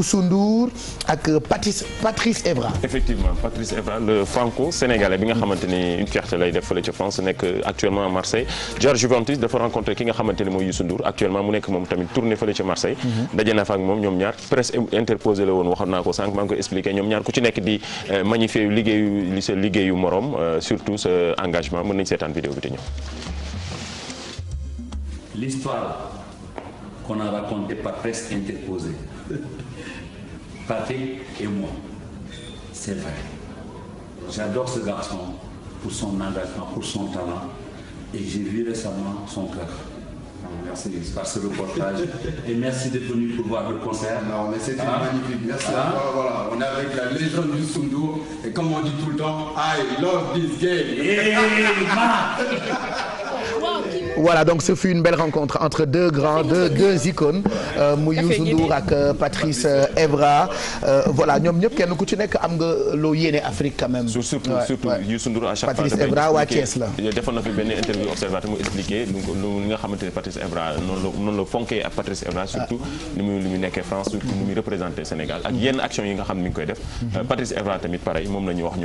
Youssou Ndour ak euh, Patrice Patrice Evra. effectivement Patrice Evra le franco-sénégalais bi nga xamante ni une fierté def fële ca France nekk euh, actuellement à Marseille George Juventus dafa rencontré ki nga xamante ni mooy Youssou Ndour actuellement mu nekk moom tamit tournée fële ca Marseille. Mhm. daje na fa moom ñoom ñaar presse interposé la woon waxoon naa ko sànq maa ngi ko expliqué ñoom ñaar ku ci nekk di euh, magnifier liggéeyu liggéeyu morom surtout sa engagement mën nañu seetaan bi te ñëw. qu'on a raconté par presse interposée. Patrick et moi. C'est vrai. J'adore ce garçon pour son engagement, pour son talent. Et j'ai vu récemment son cœur. par ce reportage. Et merci d'être venu pour le concert. Non, mais c'était ah. magnifique. Merci. Ah. la légende du Sundur. Et comme on dit tout le temps, I love this game. Hey, eh, voilà donc ce fut une belle rencontre entre deux grands deux icônes euh, mu Youssou Ndour ak euh, Patrice euh, Evra voilà ñoom ñëpp kenn ku ci nekk am nga loo yéene Afrique quand surtout surtout Youssou Ndour Patrice Evra waa Thiès la. defoon na fi benn interview observateur mu expliqué lu nga xamante ne Patrice Evra noonu la fonkee ak Patrice Evra surtout ni muy nekkee France surtout ni muy représenté Sénégal ak yenn action yi nga xam ni ngi koy def. Mhm. Patrice Evra tamit pareil moom la ñuy wax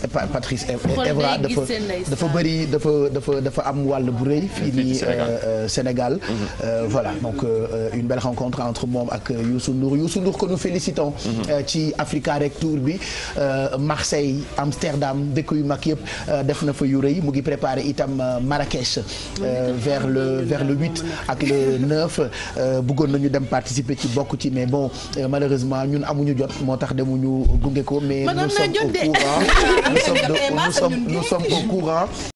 Patrice Patrice Evra dafa dafa bëri dafa dafa dafa am wall bu rëy fii nii Sénégal euh, euh, mhm. euh, voilà donc une belle rencontre entre moom ak Youssou Ndour Youssou Ndour que nous félicitons mhm. ci Africa Rek Tour bi Marseille Amsterdam dëkk yu mag yëpp def na fa yu rëy mu ngi préparé itam Marrakech vers le vers huit ak le neuf bëggoon nañu dem participer ci bokk ci mais bon malheureusement ñun amuñu jot moo tax demuñu gunge ko mais nous sommes au courant nous sommes, de, nous courant.